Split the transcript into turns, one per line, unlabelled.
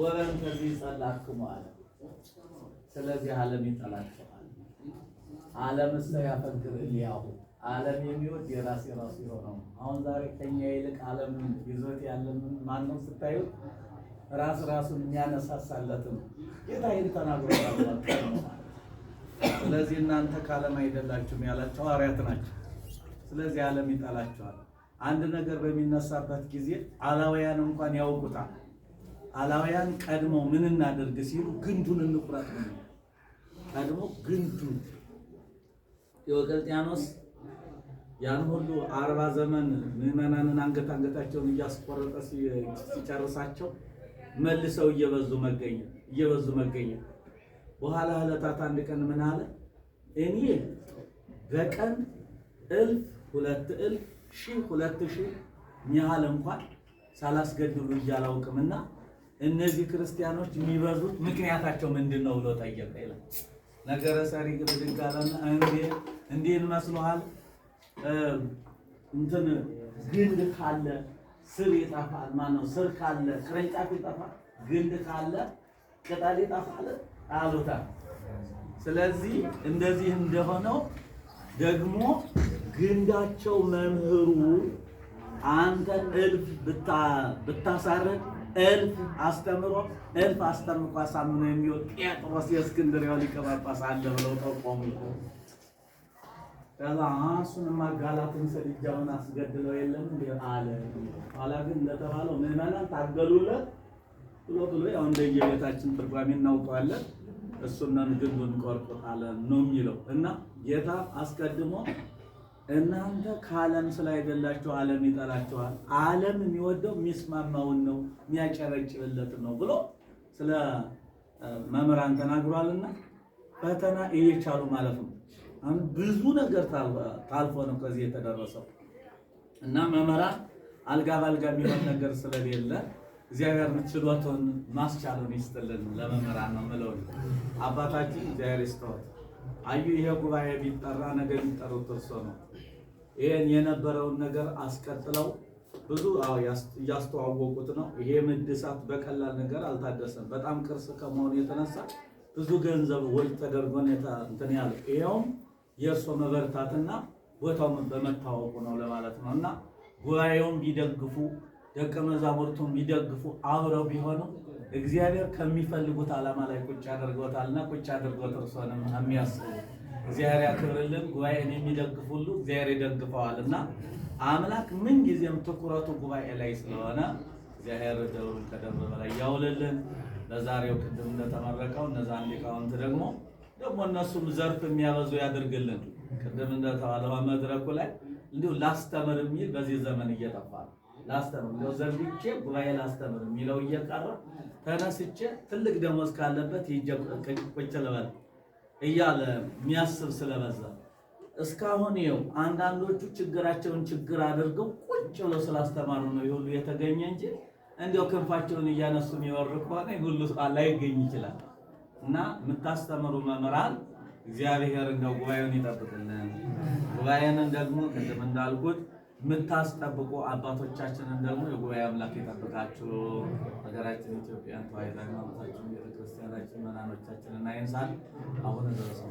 ወለም ከዚህ ጸላክሙ አለ። ስለዚህ ዓለም ዓለም ዓለምሰ ያፈቅር እልያሁ ዓለም የሚወድ የራሴ ራሱ የሆነው አሁን ዛሬ ከኛ ይልቅ ዓለም ይዞት ያለምን ማነው ስታዩት ራስ ራሱን የሚያነሳሳለትም ጌታ ይህን ተናግሮታል። ስለዚህ እናንተ ከዓለም አይደላችሁም ያላቸው ሐዋርያት ናቸው። ስለዚህ ዓለም ይጠላችኋል። አንድ ነገር በሚነሳበት ጊዜ አላውያን እንኳን ያውቁታል። አላውያን ቀድሞ ምን እናደርግ ሲሉ ግንዱን እንቁረጥ ነው። ቀድሞ ግንዱን ዲዮቅልጥያኖስ ያን ሁሉ አርባ ዘመን ምዕመናንን አንገት አንገታቸውን እያስቆረጠ ሲጨርሳቸው መልሰው እየበዙ መገኘ እየበዙ መገኘ በኋላ ዕለታት አንድ ቀን ምን አለ? እኔ በቀን እልፍ ሁለት እልፍ ሺህ ሁለት ሺህ ሚያህል እንኳን ሳላስገድሉ እያላውቅምና እነዚህ ክርስቲያኖች የሚበዙት ምክንያታቸው ምንድን ነው ብሎ ጠየቀ ይላል። ነገረ ሰሪ ብድግ አለና እንዴ እንዲህ እንመስለሃል እንትን ግንድ ካለ ስር ይጠፋል። ማነው ስር ካለ ቅርንጫፍ ይጠፋል። ግንድ ካለ ቅጠል ይጠፋል አሉታል። ስለዚህ እንደዚህ እንደሆነው ደግሞ ግንዳቸው መምህሩ አንተ እልፍ ብታሳረግ እልፍ አስተምሮ እልፍ አስተምቆ አሳምኖ የሚወጥ ጴጥሮስ የእስክንድርያው ሊቀ ጳጳስ አለ ብለው ጠቆሙ። ከዛ እሱንማ ጋላትን ሰድጃውን አስገድለው የለም እንዲ አለ። ኋላ ግን እንደተባለው ምዕመናን ታገሉለት። ብሎ ብሎ ያው እንደየቤታችን ትርጓሜ እናውቀዋለን። እሱና ምግቡን ቆርጦታል ነው የሚለው እና ጌታ አስቀድሞ እናንተ ከዓለም ስላይደላችሁ ዓለም ይጠላችኋል። ዓለም የሚወደው የሚስማማውን ነው የሚያጨበጭብለትን ነው ብሎ ስለ መምህራን ተናግሯልና ፈተና እየቻሉ ማለት ነው። አሁን ብዙ ነገር ታልፎ ነው ከዚህ የተደረሰው እና መምህራን አልጋ ባልጋ የሚሆን ነገር ስለሌለ እግዚአብሔር ችሎትን ማስቻሉን ይስጥልን። ለመምህራን ነው ምለው አባታችን እግዚአብሔር አዩ ይሄ ጉባኤ ቢጠራ ነገ የሚጠሩት እርሶ ነው። ይሄን የነበረውን ነገር አስቀጥለው ብዙ እያስተዋወቁት ነው። ይሄ ምድሳት በቀላል ነገር አልታደሰም። በጣም ቅርስ ከመሆኑ የተነሳ ብዙ ገንዘብ ወጭ ተደርጎ እንትን ያለ ይኸውም የእርሶ መበርታትና ቦታው በመታወቁ ነው ለማለት ነው እና ጉባኤውን ቢደግፉ ደቀ መዛሙርቱን ቢደግፉ አብረው ቢሆኑ እግዚአብሔር ከሚፈልጉት ዓላማ ላይ ቁጭ አድርጎታልና ቁጭ አድርጎት እርሶንም የሚያስቡ እግዚአብሔር ያክብርልን። ጉባኤን የሚደግፍ ሁሉ እግዚአብሔር ይደግፈዋል እና አምላክ ምንጊዜም ትኩረቱ ጉባኤ ላይ ስለሆነ እግዚአብሔር ደብሩን ከደብር በላይ ያውልልን። ለዛሬው ቅድም እንደተመረቀው እነዛን ሊቃውንት ደግሞ ደግሞ እነሱም ዘርፍ የሚያበዙ ያድርግልን። ቅድም እንደተባለ መድረኩ ላይ እንዲሁ ላስተምር የሚል በዚህ ዘመን እየጠፋ ነው። ላስተምር ነው ዘግቼ ጉባኤ ላስተምር የሚለው እየቀረ ተነስቼ ትልቅ ደሞዝ ካለበት ቁጭ ልበል እያለ የሚያስብ ስለበዛ እስካሁን ይኸው አንዳንዶቹ ችግራቸውን ችግር አድርገው ቁጭ ብሎ ስላስተማሩ ነው ይሁሉ የተገኘ እንጂ እንዲያው ክንፋቸውን እያነሱ የሚወር ከሆነ ሁሉ ላይገኝ ይችላል። እና የምታስተምሩ መምህራን እግዚአብሔር እንደው ጉባኤውን ይጠብቅልን። ጉባኤንን ደግሞ ቅድም እንዳልኩት የምታስጠብቁ አባቶቻችንን ደግሞ የጉባኤ አምላክ የጠብቃችሁ ሀገራችን ኢትዮጵያን ተዋሕዶ ሃይማኖታችን ቤተክርስቲያናችን እና አይንሳል። አሁን ደረሰ